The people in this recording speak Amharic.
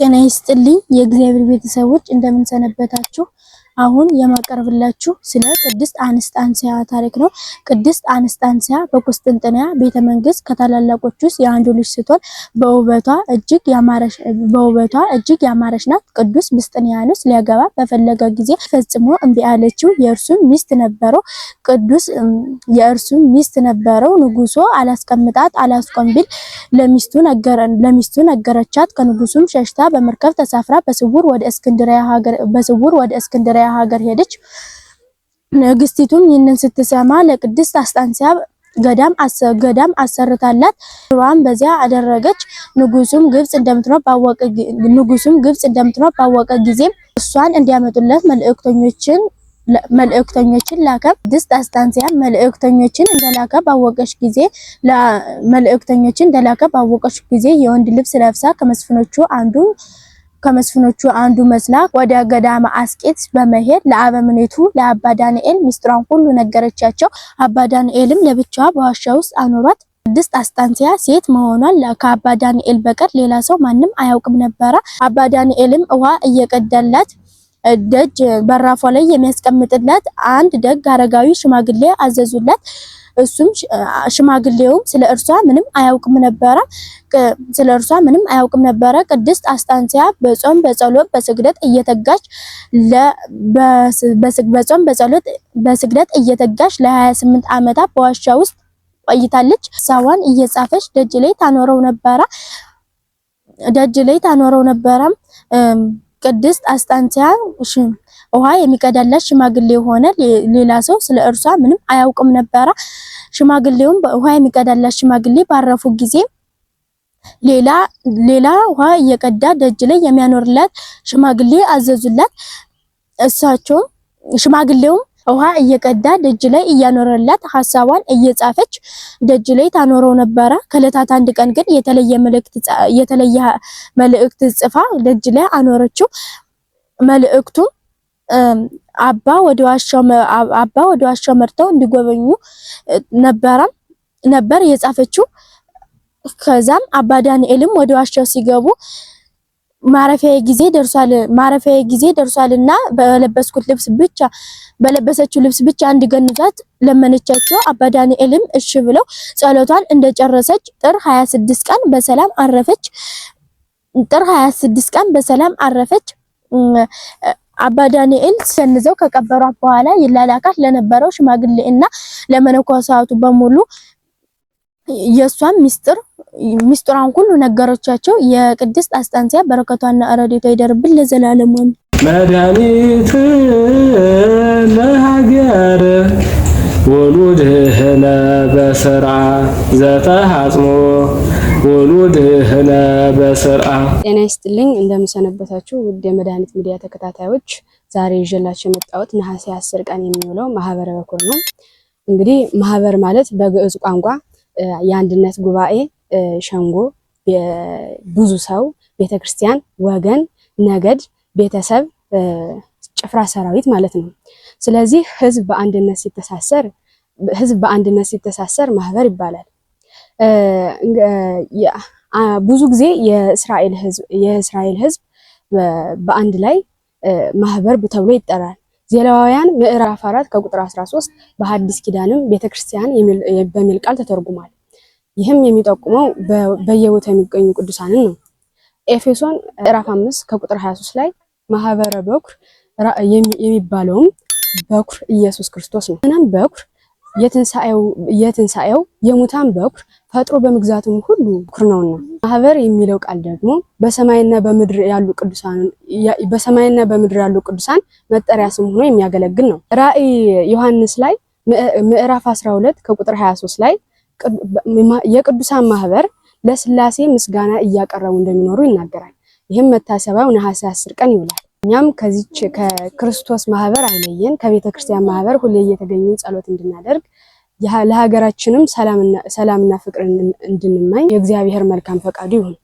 ጤና ይስጥልኝ የእግዚአብሔር ቤተሰቦች እንደምንሰነበታችሁ። አሁን የማቀርብላችሁ ስለ ቅድስት አንስጣንሲያ ታሪክ ነው። ቅድስት አንስጣንሲያ በቁስጥንጥንያ ቤተ መንግስት ከታላላቆች ውስጥ የአንዱ ልጅ ስትሆን በውበቷ እጅግ ያማረች ናት። ቅዱስ ምስጥንያኖስ ሊያገባ በፈለገ ጊዜ ፈጽሞ እምቢ አለችው። የእርሱም ሚስት ነበረው ቅዱስ የእርሱም ሚስት ነበረው ንጉሶ አላስቀምጣት አላስቆም ቢል ለሚስቱ ነገረቻት። ከንጉሱም ሸሽታ በመርከብ ተሳፍራ በስውር ወደ እስክንድሪያ ሀገር ሄደች። ንግስቲቱም ይህንን ስትሰማ ለቅድስት አስጣንሲያ ገዳም ገዳም አሰርታላት ሯን በዚያ አደረገች። ንጉሱም ግብጽ እንደምትኖር ባወቀ ንጉሱም ግብጽ እንደምትኖር ባወቀ ጊዜ እሷን እንዲያመጡለት መልእክተኞችን መልእክተኞችን ላከ። ቅድስት አስታንሲያ መልእክተኞችን እንደላከ ባወቀች ጊዜ መልእክተኞችን እንደላከ ባወቀች ጊዜ የወንድ ልብስ ለብሳ ከመስፍኖቹ አንዱ ከመስፍኖቹ አንዱ መዝናግ ወደ ገዳማ አስቄት በመሄድ ለአበምኔቱ ለአባ ዳንኤል ሚስጥሯን ሁሉ ነገረቻቸው። አባ ዳንኤልም ለብቻዋ በዋሻ ውስጥ አኖሯት። ቅድስት አስጣንሲያ ሴት መሆኗን ከአባ ዳንኤል በቀር ሌላ ሰው ማንም አያውቅም ነበረ። አባ ዳንኤልም ውሃ እየቀዳላት ደጅ በራፏ ላይ የሚያስቀምጥላት አንድ ደግ አረጋዊ ሽማግሌ አዘዙላት። እሱም ሽማግሌውም ስለ እርሷ ምንም አያውቅም ነበረ። ስለ እርሷ ምንም አያውቅም ነበረ። ቅድስት አስታንሲያ በጾም በጸሎት በስግደት እየተጋች በጾም በጸሎት በስግደት እየተጋች ለ28 ዓመታት በዋሻ ውስጥ ቆይታለች። ሳዋን እየጻፈች ደጅ ላይ ታኖረው ነበረ ደጅ ላይ ታኖረው ነበረ። ቅድስት አስጣንቲያ ውሃ የሚቀዳላት ሽማግሌ ሆነ ሌላ ሰው ስለ እርሷ ምንም አያውቅም ነበረ። ሽማግሌውም ውሃ የሚቀዳላት ሽማግሌ ባረፉ ጊዜ ሌላ ሌላ ውሃ እየቀዳ ደጅ ላይ የሚያኖርላት ሽማግሌ አዘዙላት። እሳቸው ሽማግሌውም ውሃ እየቀዳ ደጅ ላይ እያኖረላት ሀሳቧን እየጻፈች ደጅ ላይ ታኖረው ነበረ። ከዕለታት አንድ ቀን ግን የተለየ መልእክት ጽፋ ደጅ ላይ አኖረችው። መልእክቱ አባ ወደ ዋሻው አባ ወደ ዋሻው መርተው እንዲጎበኙ ነበረ ነበር የጻፈችው። ከዛም አባ ዳንኤልም ወደ ዋሻው ሲገቡ ማረፊያ ጊዜ ደርሷል፣ ማረፊያ ጊዜ ደርሷል እና በለበስኩት ልብስ ብቻ በለበሰችው ልብስ ብቻ አንድ ገንዛት ለመነቻቸው። አባ ዳንኤልም እሺ ብለው ጸሎቷን እንደጨረሰች ጥር 26 ቀን በሰላም አረፈች። ጥር 26 ቀን በሰላም አረፈች። አባ ዳንኤል ሰንዘው ከቀበሯት በኋላ ይላላካት ለነበረው ሽማግሌ እና ለመነኮሳቱ በሙሉ የእሷም ሚስጥር ሚስጥሯን ሁሉ ነገሮቻቸው የቅድስት አስጣንሲያ በረከቷና ረድኤቷ ይደርብን ለዘላለሙ። መድኃኒት ለሀገር ወሉድህነ በስርዓ ዘተሃጽሞ ወሉድህነ በስርዓ። ጤና ይስጥልኝ እንደምሰነበታችሁ ውድ የመድኃኒት ሚዲያ ተከታታዮች፣ ዛሬ ይዤላችሁ የመጣሁት ነሐሴ አስር ቀን የሚውለው ማህበረ በኩር ነው። እንግዲህ ማህበር ማለት በግዕዝ ቋንቋ የአንድነት ጉባኤ ሸንጎ ብዙ ሰው፣ ቤተክርስቲያን፣ ወገን፣ ነገድ፣ ቤተሰብ፣ ጭፍራ ሰራዊት ማለት ነው። ስለዚህ ህዝብ በአንድነት ሲተሳሰር ህዝብ በአንድነት ሲተሳሰር ማህበር ይባላል። ብዙ ጊዜ የእስራኤል ህዝብ በአንድ ላይ ማህበር ተብሎ ይጠራል። ዘሌዋውያን ምዕራፍ አራት ከቁጥር 13 በሐዲስ ኪዳንም ቤተክርስቲያን በሚል ቃል ተተርጉሟል። ይህም የሚጠቁመው በየቦታው የሚገኙ ቅዱሳንን ነው። ኤፌሶን ምዕራፍ 5 ከቁጥር 23 ላይ ማህበረ በኩር የሚባለውም በኩር ኢየሱስ ክርስቶስ ነው። እናም በኩር የትንሣኤው የሙታን በኩር ፈጥሮ በመግዛቱም ሁሉ ኩር ነውና። ማህበር የሚለው ቃል ደግሞ በሰማይና በምድር ያሉ ቅዱሳን በሰማይና በምድር ያሉ ቅዱሳን መጠሪያ ስም ሆኖ የሚያገለግል ነው። ራእይ ዮሐንስ ላይ ምዕራፍ 12 ከቁጥር 23 ላይ የቅዱሳን ማህበር ለስላሴ ምስጋና እያቀረቡ እንደሚኖሩ ይናገራል። ይህም መታሰቢያው ነሐሴ 10 ቀን ይውላል። እኛም ከዚች ከክርስቶስ ማህበር አይለየን፣ ከቤተ ክርስቲያን ማህበር ሁሌ እየተገኘን ጸሎት እንድናደርግ ለሀገራችንም ሰላምና ፍቅር እንድንመኝ የእግዚአብሔር መልካም ፈቃዱ ይሁን።